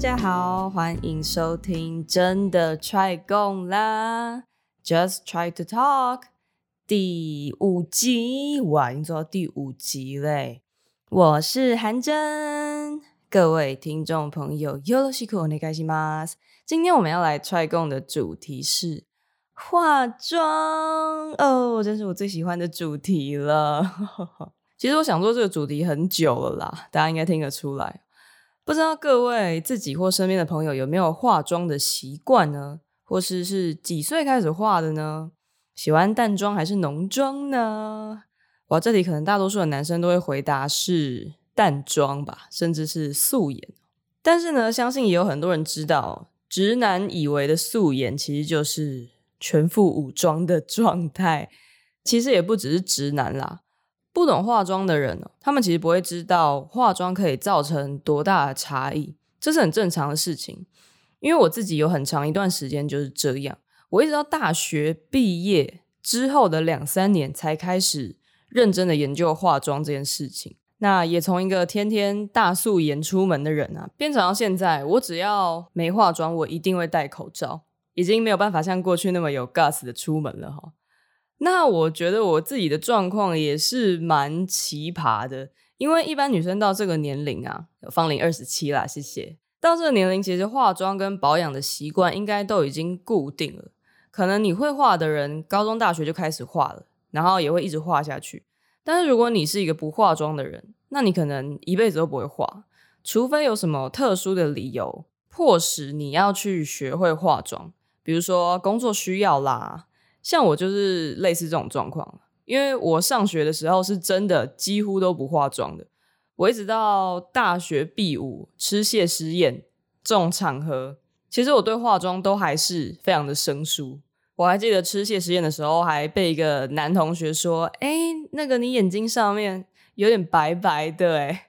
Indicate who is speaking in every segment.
Speaker 1: 大家好，歡迎收聽《真的 try 共啦》。Just try to talk 第五集哇，已經做到第五集嘞，欸！我是韓真，各位聽眾朋友，よろしくお願いします，你開心嗎？今天我們要來 try 共的主題是化妝哦，真是我最喜歡的主題了。 其實我想做這個主題很久了啦，大家應該聽得出來。不知道各位自己或身邊的朋友有沒有化妝的習慣呢？或是是幾歲開始化的呢？喜歡淡妝還是濃妝呢？我這裡可能大多數的男生都會回答是淡妝吧，甚至是素顏。但是呢，相信也有很多人知道，直男以為的素顏其實就是全副武裝的狀態。其實也不只是直男啦。不懂化妝的人哦，他們其實不會知道化妝可以造成多大的差異，這是很正常的事情。因為我自己有很長一段時間就是這樣，我一直到大學畢業之後的兩三年才開始認真的研究化妝這件事情。那也從一個天天大素顏出門的人啊，變成到現在，我只要沒化妝，我一定會戴口罩，已經沒有辦法像過去那麼有 gas 的出門了哈。那我覺得我自己的狀況也是蠻奇葩的，因為一般女生到這個年齡啊，芳齡二十七啦，謝謝。到這個年齡，其實化妝跟保養的習慣應該都已經固定了。可能你會化的人，高中大學就開始化了，然後也會一直化下去。但是如果你是一個不化妝的人，那你可能一輩子都不會化，除非有什麼特殊的理由迫使你要去學會化妝，比如說工作需要啦。像我就是類似這種狀況，因為我上學的時候是真的幾乎都不化妝的，我一直到大學畢業、吃謝師宴這種場合，其實我對化妝都還是非常的生疏。我還記得吃謝師宴的時候，還被一個男同學說：“哎、欸，那個你眼睛上面有點白白的哎、欸，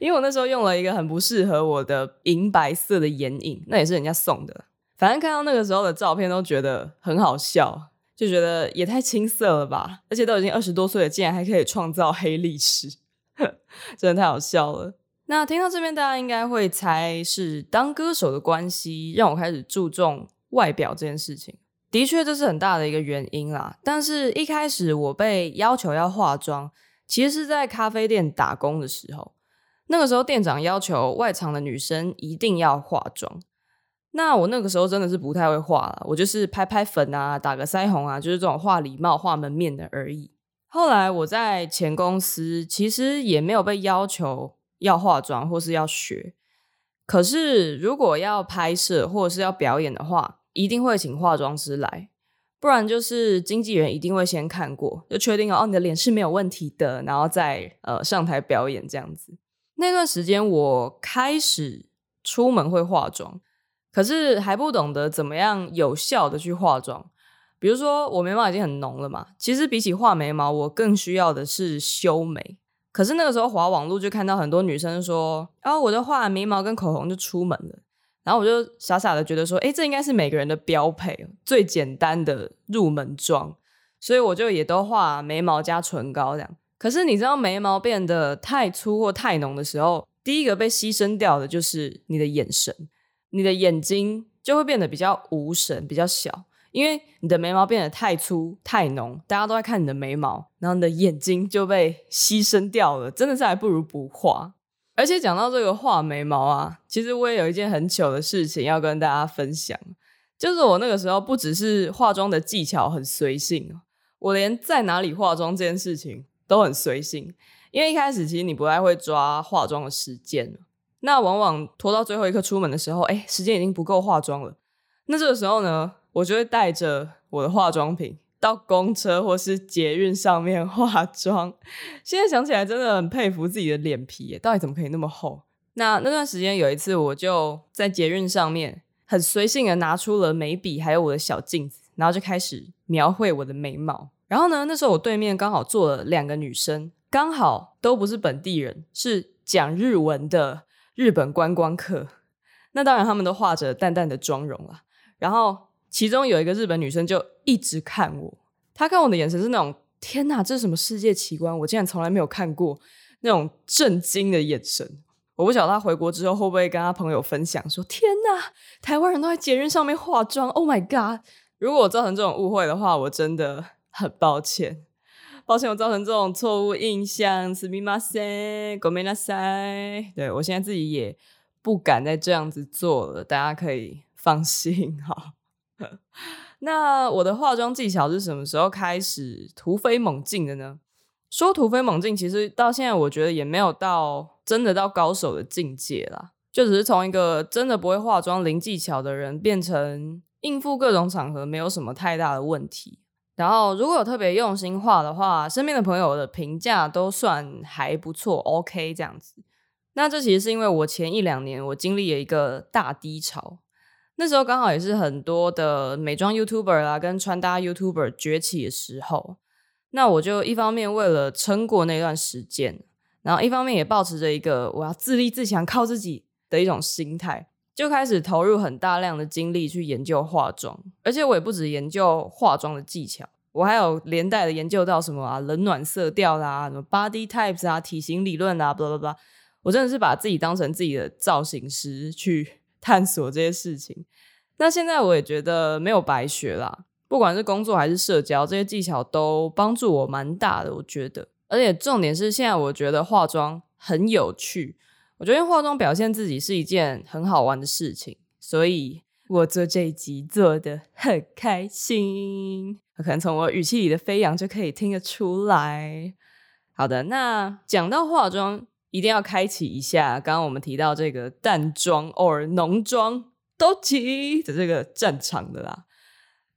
Speaker 1: 因為我那時候用了一個很不適合我的銀白色的眼影，那也是人家送的。反正看到那個時候的照片都覺得很好笑。”就覺得也太青澀了吧，而且都已經二十多歲了，竟然還可以創造黑歷史呵，真的太好笑了。那聽到這邊，大家應該會猜是當歌手的關係讓我開始注重外表這件事情，的確這是很大的一個原因啦。但是，一開始我被要求要化妝，其實是在咖啡店打工的時候，那個時候店長要求外場的女生一定要化妝。那我那個時候真的是不太會畫了，我就是拍拍粉啊，打個腮紅啊，就是這種畫禮貌、畫門面的而已。後來我在前公司其實也沒有被要求要化妝或是要學，可是如果要拍攝或者是要表演的話，一定會請化妝師來，不然就是經紀人一定會先看過，就確定哦，你的臉是沒有問題的，然後再呃上台表演這樣子。那段時間我開始出門會化妝。可是還不懂得怎麼樣有效的去化妝，比如說我眉毛已經很濃了嘛。其實比起畫眉毛，我更需要的是修眉。可是那個時候滑網路就看到很多女生說，然後我就畫眉毛跟口紅就出門了。然後我就傻傻的覺得說，誒，這應該是每個人的標配，最簡單的入門妝。所以我就也都畫眉毛加唇膏這樣。可是你知道眉毛變得太粗或太濃的時候，第一個被犧牲掉的就是你的眼神。你的眼睛就會變得比較無神，比較小，因為你的眉毛變得太粗太濃，大家都在看你的眉毛，然後你的眼睛就被犧牲掉了，真的是還不如不畫。而且講到這個畫眉毛啊，其實我也有一件很糗的事情要跟大家分享，就是我那個時候不只是化妝的技巧很隨性，我連在哪裡化妝這件事情都很隨性，因為一開始其實你不太會抓化妝的時間。那往往拖到最後一刻出門的時候，哎、欸，時間已經不夠化妝了。那這個時候呢，我就會帶着我的化妝品到公車或是捷運上面化妝。現在想起來，真的很佩服自己的臉皮，到底怎麼可以那麼厚？那那段時間有一次，我就在捷運上面很隨性的拿出了眉筆，還有我的小鏡子，然後就開始描繪我的眉毛。然後呢，那時候我對面剛好坐了兩個女生，剛好都不是本地人，是講日文的。日本觀光客，那當然他們都化著淡淡的妝容了。然後其中有一個日本女生就一直看我，她看我的眼神是那種天哪，這是什麼世界奇觀？我竟然從來沒有看過那種震驚的眼神。我不曉得她回國之後會不會跟她朋友分享說天哪，台灣人都在捷運上面化妝。Oh my god！如果我造成這種誤會的話，我真的很抱歉。抱歉，我造成這種錯誤印象，すみません，ごめんなさい。對，我現在自己也不敢再這樣子做了，大家可以放心哈。 那我的化妝技巧是什麼時候開始突飛猛進的呢？說突飛猛進，其實到現在我覺得也沒有到真的到高手的境界啦，就只是從一個真的不會化妝、零技巧的人，變成應付各種場合沒有什麼太大的問題。然後，如果有特別用心畫的話，身邊的朋友的評價都算還不錯，OK 這樣子。那這其實是因為我前一兩年我經歷了一個大低潮，那時候剛好也是很多的美妝 YouTuber 啊跟穿搭 YouTuber 崛起的時候，那我就一方面為了撐過那段時間，然後一方面也保持着一個我要自立自強、靠自己的一種心態。就開始投入很大量的精力去研究化妝，而且我也不只研究化妝的技巧，我還有連帶的研究到什麼啊冷暖色調啦、啊、什麼 body types 啊、體型理論啦、啊，blah blah blah。我真的是把自己當成自己的造型師去探索這些事情。那現在我也覺得沒有白學啦，不管是工作還是社交，這些技巧都幫助我蠻大的。我覺得，而且重點是現在我覺得化妝很有趣。我覺得化妝表現自己是一件很好玩的事情，所以我做這一集做的很開心，可能從我語氣裡的飛揚就可以聽得出來。好的，那講到化妝，一定要開啟一下剛剛我們提到這個淡妝 or 濃妝都起的這個戰場的啦。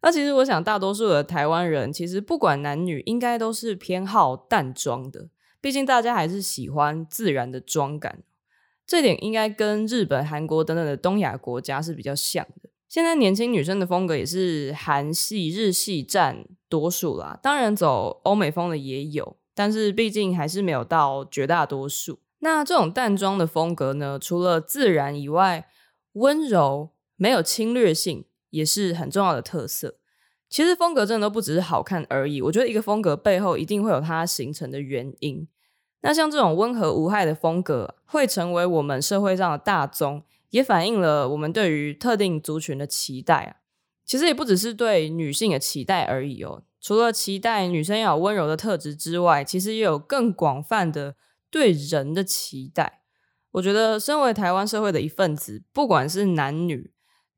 Speaker 1: 那其實我想，大多數的台灣人其實不管男女，應該都是偏好淡妝的，畢竟大家還是喜歡自然的妝感。這點應該跟日本、韓國等等的東亞國家是比較像的。現在年輕女生的風格也是韓系、日系占多數啦，當然走歐美風的也有，但是畢竟還是沒有到絕大多數。那這種淡妝的風格呢，除了自然以外，溫柔沒有侵略性也是很重要的特色。其實風格真的都不只是好看而已，我覺得一個風格背後一定會有它形成的原因。那像這種溫和無害的風格啊，會成為我們社會上的大宗，也反映了我們對於特定族群的期待啊。其實也不只是對女性的期待而已哦。除了期待女生要有溫柔的特質之外，其實也有更廣泛的對人的期待。我覺得身為台灣社會的一份子，不管是男女，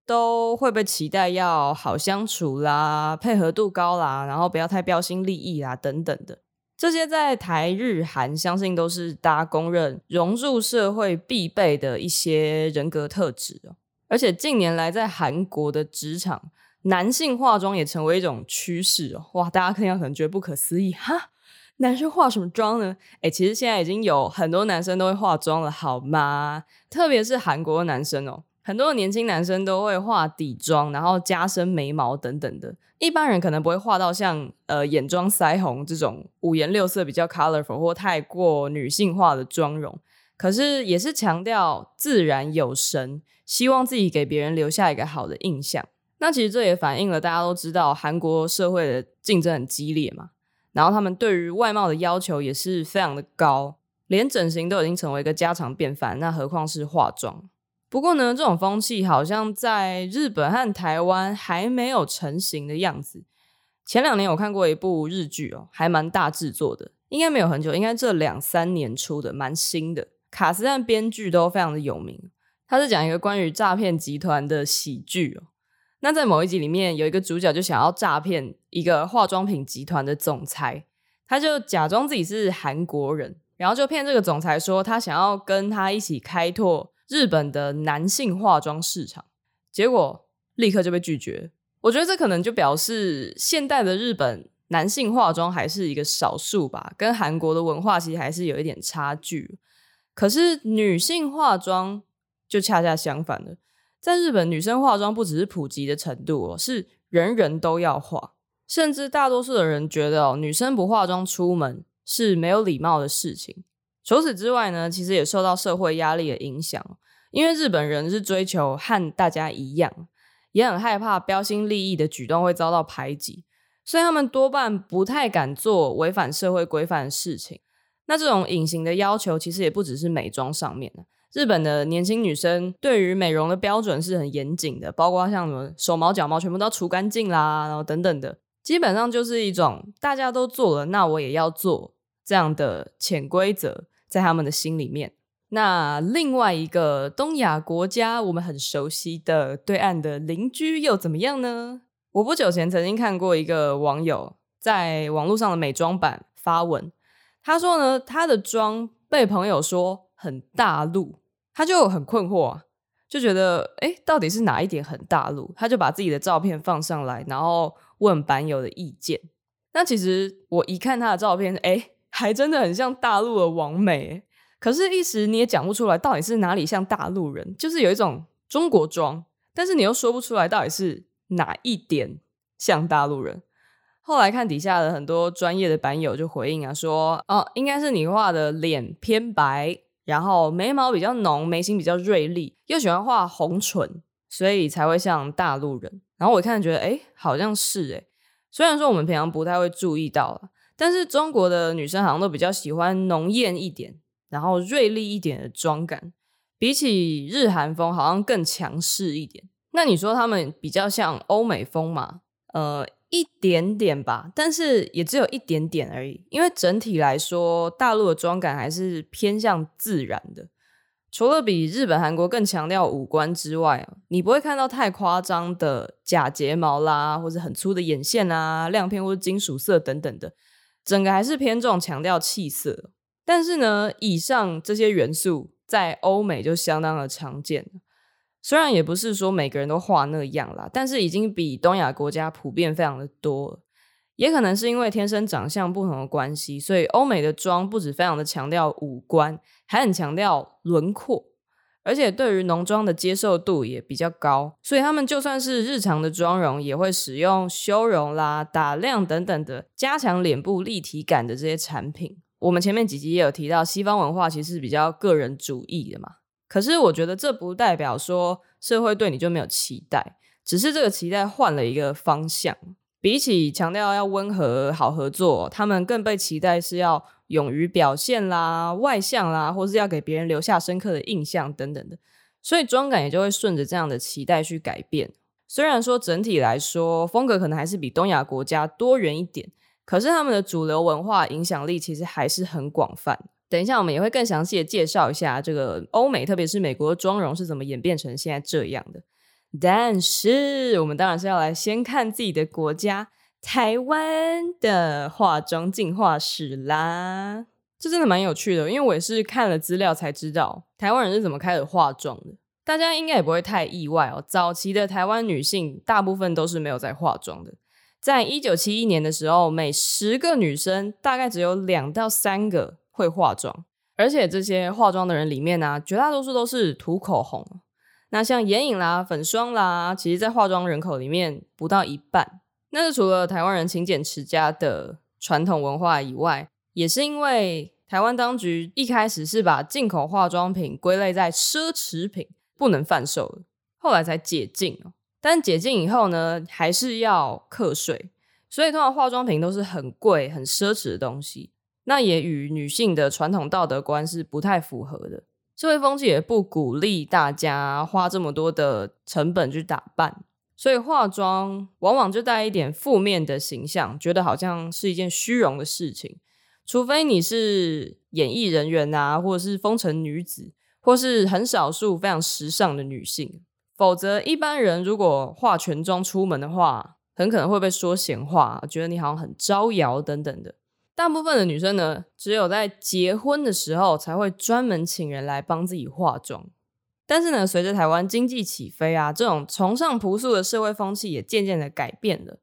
Speaker 1: 都會被期待要好相處啦，配合度高啦，然後不要太標新立異啦，等等的。這些在台日韓，相信都是大家公認融入社會必備的一些人格特質哦。而且近年來在韓國的職場，男性化妝也成為一種趨勢哦。哇，大家可能可能覺得不可思議哈，男生化什麼妝呢？哎、欸，其實現在已經有很多男生都會化妝了，好嗎？特別是韓國的男生哦、喔。很多的年輕男生都會畫底妝，然後加深眉毛等等的。一般人可能不會畫到像呃眼妝、腮紅這種五顏六色、比較 colorful 或太過女性化的妝容。可是也是強調自然有神，希望自己給別人留下一個好的印象。那其實這也反映了大家都知道，韓國社會的競爭很激烈嘛。然後他們對於外貌的要求也是非常的高，連整形都已經成為一個家常便飯，那何況是化妝。不過呢，這種風氣好像在日本和台灣還沒有成型的樣子。前兩年我看過一部日劇哦，還蠻大制作的，應該沒有很久，應該這兩三年出的，蠻新的。卡司和編劇都非常的有名。他是講一個關於詐騙集團的喜劇哦。那在某一集裡面，有一個主角就想要詐騙一個化妝品集團的總裁，他就假裝自己是韓國人，然後就騙這個總裁說他想要跟他一起開拓。日本的男性化妝市場，結果立刻就被拒絕。我覺得這可能就表示現代的日本男性化妝還是一個少數吧，跟韓國的文化其實還是有一點差距。可是女性化妝就恰恰相反了，在日本女生化妝不只是普及的程度哦，是人人都要化，甚至大多數的人覺得哦，女生不化妝出門是沒有禮貌的事情。除此之外呢，其實也受到社會壓力的影響，因為日本人是追求和大家一樣，也很害怕標新立異的舉動會遭到排擠，所以他們多半不太敢做違反社會規範的事情。那這種隱形的要求，其實也不只是美妝上面。日本的年輕女生對於美容的標準是很嚴謹的，包括像什麼手毛、腳毛全部都除乾淨啦，然後等等的，基本上就是一種大家都做了，那我也要做這樣的潛規則。在他們的心裡面，那另外一個東亞國家，我們很熟悉的對岸的鄰居又怎麼樣呢？我不久前曾經看過一個網友在網絡上的美妝版發文，他說呢，他的妝被朋友說很大陸，他就很困惑啊，就覺得哎、欸，到底是哪一點很大陸？他就把自己的照片放上來，然後問版友的意見。那其實我一看他的照片，哎、欸。還真的很像大陸的網美，欸，可是，一時你也講不出來到底是哪裡像大陸人，就是有一種中國妝，但是你又說不出來到底是哪一點像大陸人。後來看底下的很多專業的版友就回應啊，說哦，應該是你畫的臉偏白，然後眉毛比較濃，眉形比較銳利，又喜歡畫紅唇，所以才會像大陸人。然後我一看，覺得哎、欸，好像是哎、欸，雖然說我們平常不太會注意到了。但是中國的女生好像都比較喜歡濃豔一點，然後銳利一點的妝感，比起日韓風好像更強勢一點。那你說他們比較像歐美風嗎？呃，一點點吧，但是也只有一點點而已。因為整體來說，大陸的妝感還是偏向自然的，除了比日本、韓國更強調五官之外啊，你不會看到太誇張的假睫毛啦，或者很粗的眼線啊，亮片或者金屬色等等的。整個還是偏重強調氣色，但是呢，以上這些元素在歐美就相當的常見了。雖然也不是說每個人都畫那樣啦，但是已經比東亞國家普遍非常的多了。也可能是因為天生長相不同的關係，所以歐美的妝不止非常的強調五官，還很強調輪廓。而且對於濃妝的接受度也比較高，所以他們就算是日常的妝容，也會使用修容啦、打亮等等的，加強臉部立體感的這些產品。我們前面幾集也有提到，西方文化其實是比較個人主義的嘛。可是我覺得這不代表說社會對你就沒有期待，只是這個期待換了一個方向。比起強調要溫和好合作，他們更被期待是要勇於表現啦、外向啦，或是要給別人留下深刻的印象等等的。所以妝感也就會順着這樣的期待去改變。雖然說整體來說風格可能還是比東亞國家多元一點，可是他們的主流文化影響力其實還是很廣泛。等一下我們也會更詳細的介紹一下這個歐美，特別是美國的妝容是怎麼演變成現在這樣的。但是，我們當然是要來先看自己的國家台灣的化妝進化史啦。這真的蠻有趣的，因為我也是看了資料才知道台灣人是怎麼開始化妝的。大家應該也不會太意外哦，早期的台灣女性大部分都是沒有在化妝的。在一九七一年的時候，每十個女生大概只有兩到三個會化妝，而且這些化妝的人裡面呢、啊，絕大多數都是塗口紅。那像眼影啦、粉霜啦，其實在化妝人口裡面不到一半。那是除了台灣人勤儉持家的傳統文化以外，也是因為台灣當局一開始是把進口化妝品歸類在奢侈品，不能販售了，後來才解禁喔。但解禁以後呢，還是要課稅，所以通常化妝品都是很貴、很奢侈的東西。那也與女性的傳統道德觀是不太符合的。社會風氣也不鼓勵大家花這麼多的成本去打扮，所以化妝往往就帶一點負面的形象，覺得好像是一件虛榮的事情。除非你是演藝人員啊，或者是風塵女子，或是很少數非常時尚的女性，否則一般人如果化全妝出門的話，很可能會被說閒話，覺得你好像很招搖等等的。大部分的女生呢，只有在結婚的時候才會專門請人來幫自己化妝。但是呢，隨着台灣經濟起飛啊，這種崇尚樸素的社會風氣也漸漸的改變了。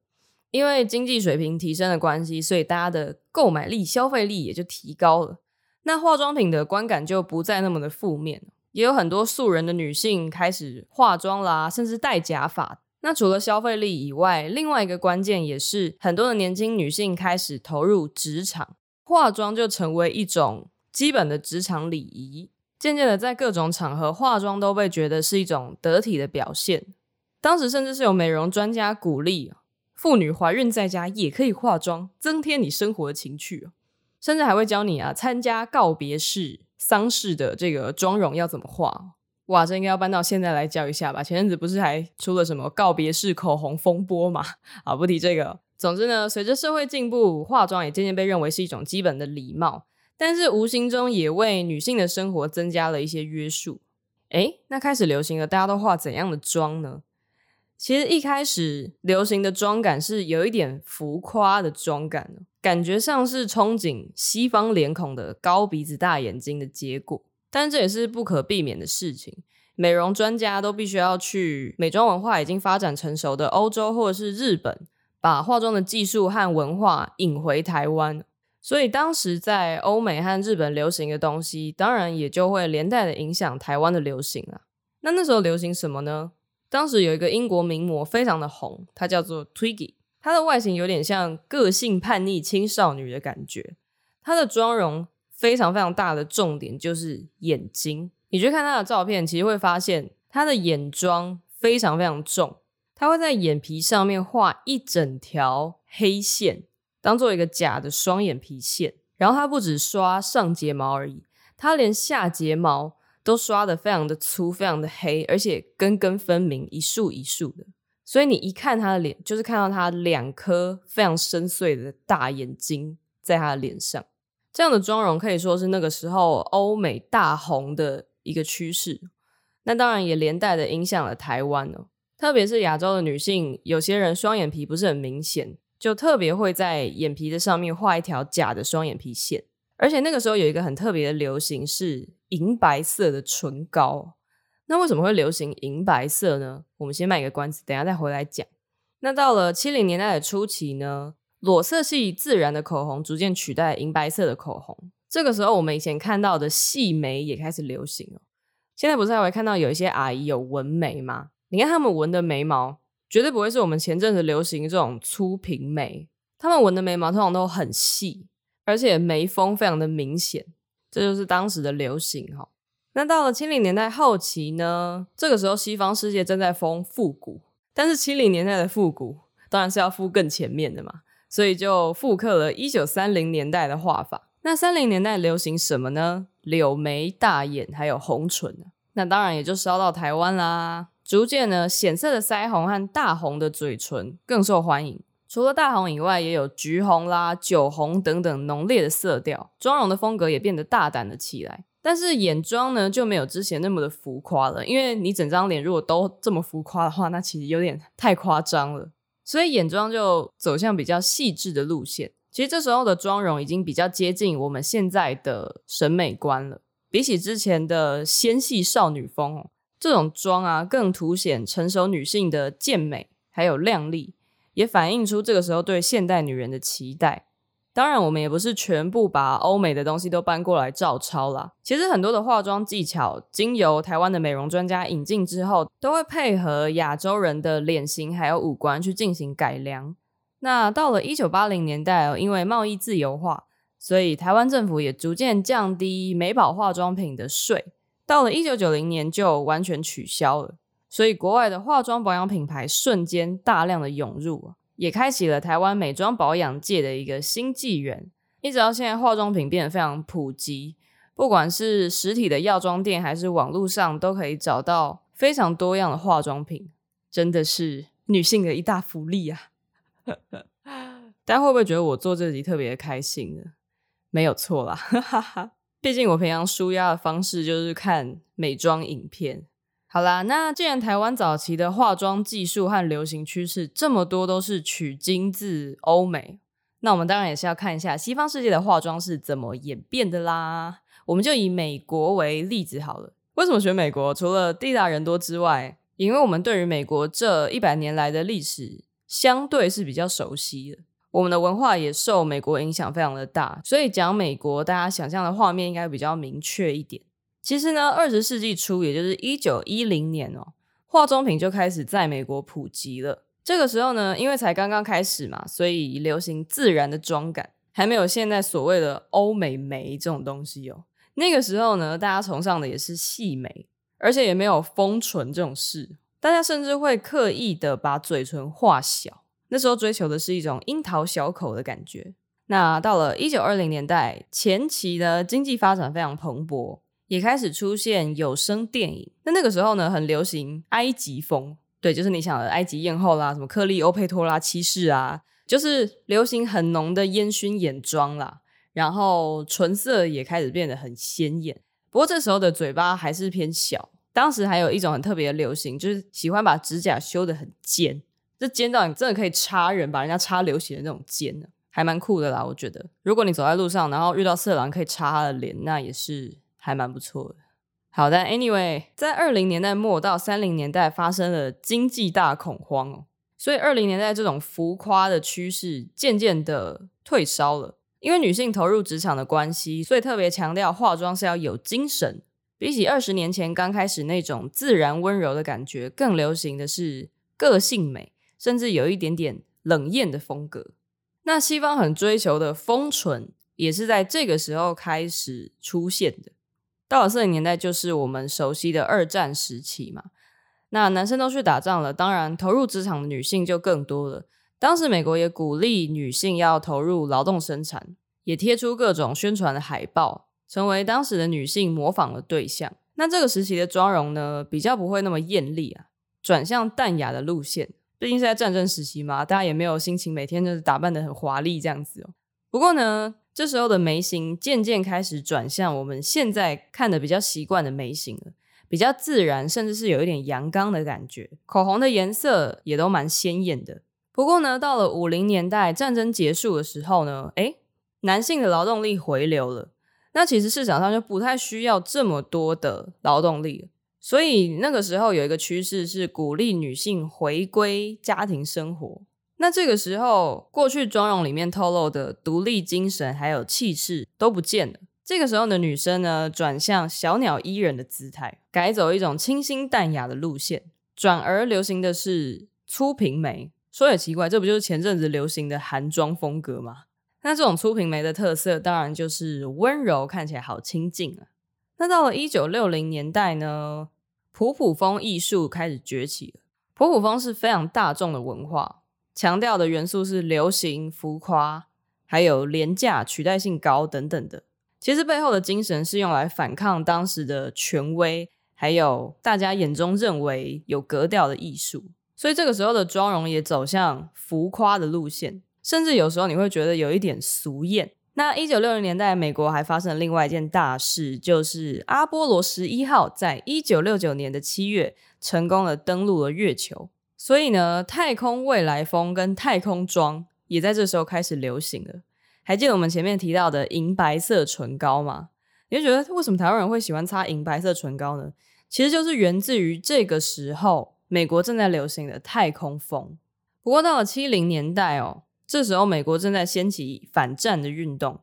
Speaker 1: 因為經濟水平提升的關係，所以大家的購買力、消費力也就提高了。那化妝品的觀感就不再那麼的負面，也有很多素人的女性開始化妝啦啊，甚至戴假髮。那除了消費力以外，另外一個關鍵也是很多的年輕女性開始投入職場，化妝就成為一種基本的職場禮儀。漸漸的，在各種場合，化妝都被覺得是一種得體的表現。當時甚至是有美容專家鼓勵，婦女懷孕在家也可以化妝，增添你生活的情趣，甚至還會教你啊，參加告別式、喪事的這個妝容要怎麼化。哇，這應該要搬到現在來教一下吧。前陣子不是還出了什麼告別式口紅風波嗎？好，不提這個。總之呢，隨着社會進步，化妝也漸漸被認為是一種基本的禮貌，但是無形中也為女性的生活增加了一些約束。誒，那開始流行了，大家都畫怎樣的妝呢？其實一開始流行的妝感是有一點浮誇的妝感，感覺像是憧憬西方臉孔的高鼻子、大眼睛的結果。但這也是不可避免的事情。美容專家都必須要去美妝文化已經發展成熟的歐洲或者是日本，把化妝的技術和文化引回台灣。所以當時在歐美和日本流行的東西，當然也就會連帶的影響台灣的流行啊。那那時候流行什麼呢？當時有一個英國名模非常的紅，她叫做 Twiggy，她的外形有點像個性叛逆青少女的感覺，她的妝容。非常非常大的重點就是眼睛，你去看她的照片，其實會發現她的眼妝非常非常重，她會在眼皮上面畫一整條黑線，當做一個假的雙眼皮線。然後他不止刷上睫毛而已，他連下睫毛都刷得非常的粗，非常的黑，而且根根分明，一束一束的。所以你一看他的臉，就是看到他兩顆非常深邃的大眼睛在他的臉上。這樣的妝容可以說是那個時候歐美大紅的一個趨勢，那當然也連帶的影響了台灣哦，特別是亞洲的女性，有些人雙眼皮不是很明顯，就特別會在眼皮的上面畫一條假的雙眼皮線，而且那個時候有一個很特別的流行是銀白色的唇膏，那為什麼會流行銀白色呢？我們先賣一個關子，等一下再回來講。那到了七零年代的初期呢？裸色系、自然的口紅逐漸取代銀白色的口紅，這個時候我們以前看到的細眉也開始流行哦。現在不是還會看到有一些阿姨有紋眉嗎？你看他們紋的眉毛絕對不會是我們前陣子流行這種粗平眉，他們紋的眉毛通常都很細，而且眉峰非常的明顯，這就是當時的流行哈、喔。那到了七零年代後期呢？這個時候西方世界正在瘋復古，但是七零年代的復古當然是要復更前面的嘛。所以就複刻了一九三零年代的畫法。那三零年代流行什麼呢？柳眉大眼，還有紅唇。那當然也就燒到台灣啦。逐漸呢，顯色的腮紅和大紅的嘴唇更受歡迎。除了大紅以外，也有橘紅啦、酒紅等等濃烈的色調。妝容的風格也變得大膽了起來。但是眼妝呢，就沒有之前那麼的浮誇了，因為你整張臉如果都這麼浮誇的話，那其實有點太誇張了。所以眼妝就走向比較細緻的路線，其實這時候的妝容已經比較接近我們現在的審美觀了。比起之前的纖細少女風，這種妝啊，更凸顯成熟女性的健美還有靚麗，也反映出這個時候對現代女人的期待。當然，我們也不是全部把歐美的東西都搬過來照抄啦。其實很多的化妝技巧經由台灣的美容專家引進之後，都會配合亞洲人的臉型還有五官去進行改良。那到了一九八零年代，因為貿易自由化，所以台灣政府也逐漸降低美寶化妝品的稅，到了一九九零年就完全取消了。所以國外的化妝保養品牌瞬間大量的湧入。也開啟了台灣美妝保養界的一個新紀元，一直到現在，化妝品變得非常普及，不管是實體的藥妝店，還是網絡上，都可以找到非常多樣的化妝品，真的是女性的一大福利啊！ 大家會不會覺得我做這集特別開心呢？沒有錯啦， 畢竟我平常舒壓的方式就是看美妝影片。好啦，那既然台灣早期的化妝技術和流行趨勢這麼多都是取經自歐美，那我們當然也是要看一下西方世界的化妝是怎麼演變的啦。我們就以美國為例子好了。為什麼選美國？除了地大人多之外，因為我們對於美國這一百年來的歷史相對是比較熟悉的，我們的文化也受美國影響非常的大，所以講美國，大家想象的畫面應該比較明確一點。其實呢，二十世紀初，也就是一九一零年哦，化妝品就開始在美國普及了。這個時候呢，因為才剛剛開始嘛，所以流行自然的妝感，還沒有現在所謂的歐美眉這種東西哦。那個時候呢，大家崇尚的也是細眉，而且也沒有豐唇這種事，大家甚至會刻意的把嘴唇畫小。那時候追求的是一種櫻桃小口的感覺。那到了一九二零年代前期呢，經濟發展非常蓬勃。也開始出現有聲電影。那那個時候呢，很流行埃及風，對，就是你想的埃及豔後啦，什麼克利歐佩托拉七世啊，就是流行很濃的煙熏眼妝啦，然後唇色也開始變得很鮮豔。不過這時候的嘴巴還是偏小。當時還有一種很特別的流行，就是喜歡把指甲修得很尖，這尖到你真的可以插人，把人家插流血的那種尖，還蠻酷的啦。我覺得，如果你走在路上，然後遇到色狼，可以插他的臉，那也是。還蠻不錯的，好的。Anyway，在二零年代末到三零年代發生了經濟大恐慌哦，所以二零年代這種浮誇的趨勢漸漸的退燒了。因為女性投入職場的關係，所以特別強調化妝是要有精神。比起二十年前剛開始那種自然溫柔的感覺，更流行的是個性美，甚至有一點點冷艷的風格。那西方很追求的豐唇也是在這個時候開始出現的。到了四零年代，就是我們熟悉的二戰時期嘛。那男生都去打仗了，當然投入職場的女性就更多了。當時美國也鼓勵女性要投入勞動生產，也貼出各種宣傳的海報，成為當時的女性模仿的對象。那這個時期的妝容呢，比較不會那麼豔麗啊，轉向淡雅的路線。畢竟是在戰爭時期嘛，大家也沒有心情每天就是打扮得很華麗這樣子哦。不過呢，這時候的眉形漸漸開始轉向我們現在看的比較習慣的眉形了，比較自然，甚至是有一點陽剛的感覺。口紅的顏色也都蠻鮮艷的。不過呢，到了五零年代戰爭結束的時候呢，誒，男性的勞動力回流了，那其實市場上就不太需要這麼多的勞動力了，所以那個時候有一個趨勢是鼓勵女性回歸家庭生活。那這個時候，過去妝容裡面透露的獨立精神還有氣勢都不見了。這個時候的女生呢，轉向小鳥依人的姿態，改走一種清新淡雅的路線，轉而流行的是粗平眉。說也奇怪，這不就是前陣子流行的韓妝風格嗎？那這種粗平眉的特色，當然就是溫柔，看起來好親近啊。那到了一九六零年代呢，普普風藝術開始崛起了。普普風是非常大眾的文化。強調的元素是流行、浮誇，還有廉價、取代性高等等的。其實背後的精神是用來反抗當時的權威，還有大家眼中認為有格調的藝術。所以這個時候的妝容也走向浮誇的路線，甚至有時候你會覺得有一點俗豔。那一九六零年代，美國還發生了另外一件大事，就是阿波羅十一號在一九六九年的七月成功了登陸了月球。所以呢，太空未來風跟太空妝也在這時候開始流行了。還記得我們前面提到的銀白色唇膏嗎？你會覺得為什麼台灣人會喜歡擦銀白色唇膏呢？其實就是源自於這個時候美國正在流行的太空風。不過到了七零年代哦，這時候美國正在掀起反戰的運動，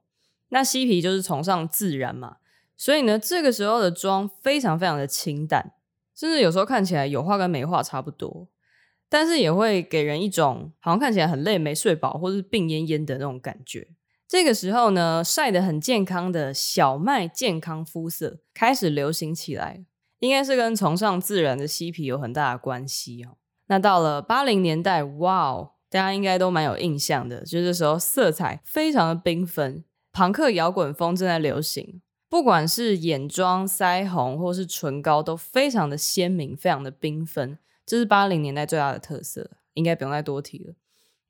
Speaker 1: 那嬉皮就是崇尚自然嘛，所以呢，這個時候的妝非常非常的清淡，甚至有時候看起來有化跟沒化差不多。但是也會給人一種好像看起來很累，沒睡飽或者是病懨懨的那種感覺。這個時候呢，曬得很健康的小麥健康膚色開始流行起來，應該是跟崇尚自然的嬉皮有很大的關係哦。那到了八零年代，哇哦，大家應該都蠻有印象的，就這時候色彩非常的繽紛，龐克搖滾風正在流行，不管是眼妝、腮紅或是唇膏，都非常的鮮明，非常的繽紛。這是八零年代最大的特色，應該不用再多提了。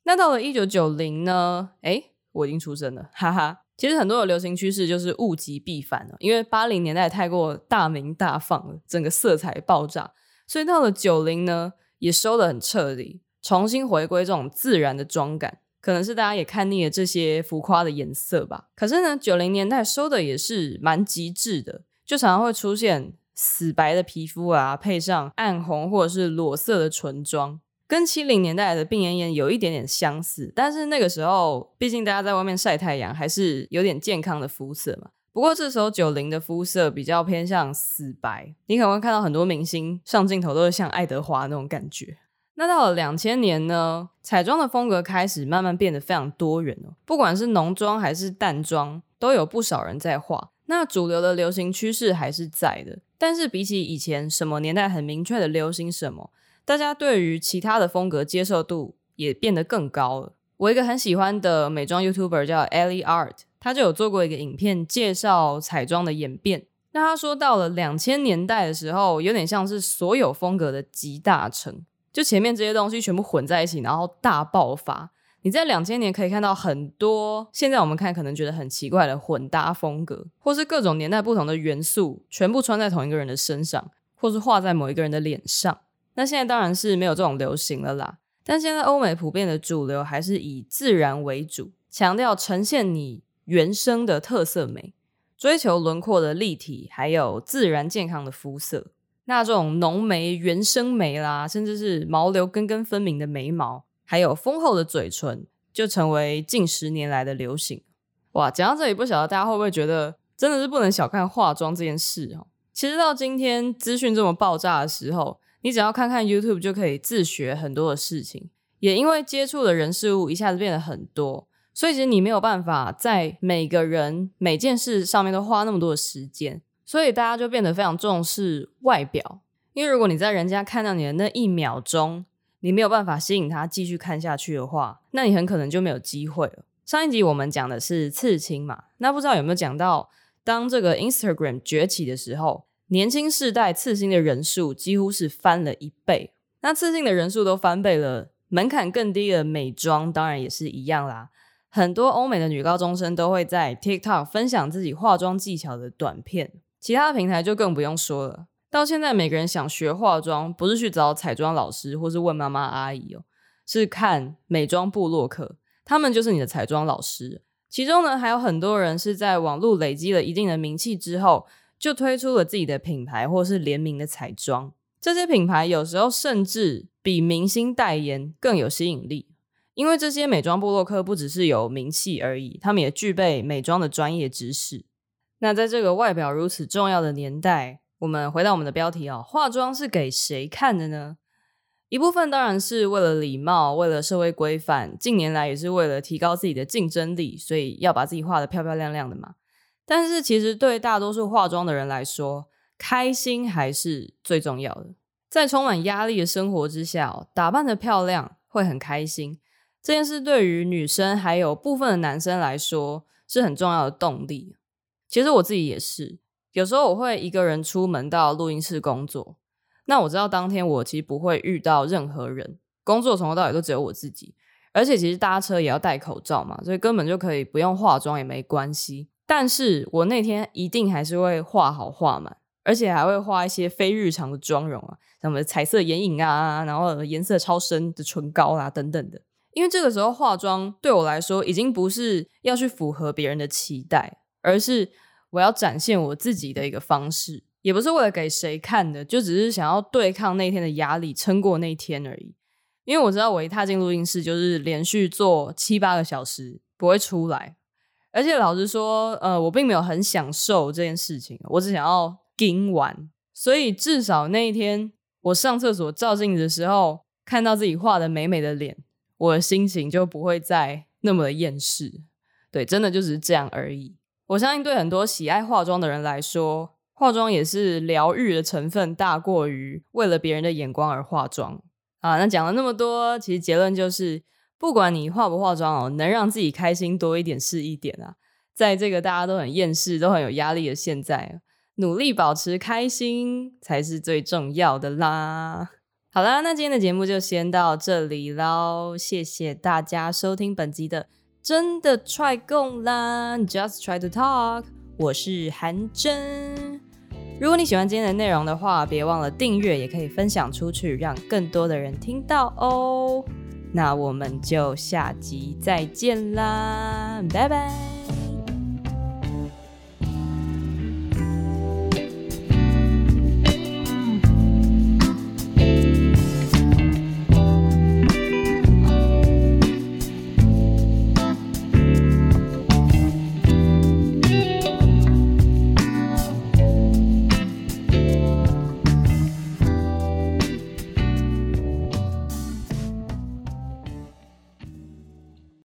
Speaker 1: 那到了一九九零呢？哎，我已經出生了，哈哈。其實很多的流行趨勢就是物極必反了，因為八零年代太過大鳴大放了，整個色彩爆炸，所以到了九零呢也收得很徹底，重新回歸這種自然的妝感。可能是大家也看膩了這些浮誇的顏色吧。可是呢，九零年代收的也是蠻極致的，就常常會出現，死白的皮膚啊，配上暗紅或者是裸色的唇妝，跟七零年代的病懨懨有一點點相似。但是那個時候，畢竟大家在外面曬太陽，還是有點健康的膚色嘛。不過這時候九零的膚色比較偏向死白，你可能會看到很多明星上鏡頭都是像愛德華那種感覺。那到了兩千年呢，彩妝的風格開始慢慢變得非常多元哦，不管是濃妝還是淡妝，都有不少人在畫。那主流的流行趨勢還是在的。但是比起以前什麼年代很明確的流行什麼，大家對於其他的風格接受度也變得更高了。我一個很喜歡的美妝 YouTuber 叫 Ali Art，他就有做過一個影片介紹彩妝的演變。那他說到了兩千年代的時候，有點像是所有風格的集大成，就前面這些東西全部混在一起，然後大爆發。你在兩千年可以看到很多，現在我們看可能覺得很奇怪的混搭風格，或是各種年代不同的元素全部穿在同一個人的身上，或是畫在某一個人的臉上。那現在當然是沒有這種流行了啦。但現在歐美普遍的主流還是以自然為主，強調呈現你原生的特色美，追求輪廓的立體，還有自然健康的膚色。那這種濃眉、原生眉啦，甚至是毛流根根分明的眉毛。還有豐厚的嘴唇，就成為近十年來的流行。哇，講到這裡，不曉得大家會不會覺得，真的是不能小看化妝這件事哦。其實到今天資訊這麼爆炸的時候，你只要看看 YouTube 就可以自學很多的事情。也因為接觸的人事物一下子變得很多，所以其實你沒有辦法在每個人，每件事上面都花那麼多的時間，所以大家就變得非常重視外表。因為如果你在人家看到你的那一秒鐘，你沒有辦法吸引他繼續看下去的話，那你很可能就沒有機會了。上一集我們講的是刺青嘛，那不知道有沒有講到，當這個 Instagram 崛起的時候，年輕世代刺青的人數幾乎是翻了一倍。那刺青的人數都翻倍了，門檻更低的美妝當然也是一樣啦。很多歐美的女高中生都會在 TikTok 分享自己化妝技巧的短片，其他的平台就更不用說了。到現在，每個人想學化妝，不是去找彩妝老師，或是問媽媽阿姨哦、喔，是看美妝部落客，他們就是你的彩妝老師。其中呢，還有很多人是在網絡累積了一定的名氣之後，就推出了自己的品牌，或是聯名的彩妝。這些品牌有時候甚至比明星代言更有吸引力，因為這些美妝部落客不只是有名氣而已，他們也具備美妝的專業知識。那在這個外表如此重要的年代，我們回到我們的標題哦，化妝是給誰看的呢？一部分當然是為了禮貌，為了社會規範。近年來也是為了提高自己的競爭力，所以要把自己化得漂漂亮亮的嘛。但是其實對大多數化妝的人來說，開心還是最重要的。在充滿壓力的生活之下哦，打扮得漂亮會很開心。這件事對於女生還有部分的男生來說是很重要的動力。其實我自己也是。有時候我會一個人出門到錄音室工作，那我知道當天我其實不會遇到任何人，工作從頭到尾都只有我自己，而且其實搭車也要戴口罩嘛，所以根本就可以不用化妝也沒關係。但是我那天一定還是會化好化滿，而且還會畫一些非日常的妝容啊，什麼彩色眼影啊，然後顏色超深的唇膏啊等等的，因為這個時候化妝對我來說已經不是要去符合別人的期待，而是。我要展現我自己的一個方式，也不是為了給誰看的，就只是想要對抗那天的壓力，撐過那一天而已。因為我知道，我一踏進錄音室就是連續做七八個小時，不會出來。而且老實說，呃，我並沒有很享受這件事情，我只想要頂完。所以至少那一天，我上廁所照鏡子的時候，看到自己畫的美美的臉，我的心情就不會再那麼的厭世。對，真的就只是這樣而已。我相信，對很多喜愛化妝的人來說，化妝也是療癒的成分大過於為了別人的眼光而化妝啊。那講了那麼多，其實結論就是，不管你化不化妝哦，能讓自己開心多一點是一點啊。在這個大家都很厭世、都很有壓力的現在，努力保持開心才是最重要的啦。好啦，那今天的節目就先到這裡嘍，謝謝大家收聽本集的。真的踹夠啦，Just try to talk。我是韓真。如果你喜歡今天的內容的話，別忘了訂閱，也可以分享出去，讓更多的人聽到哦。那我們就下集再見啦，拜拜。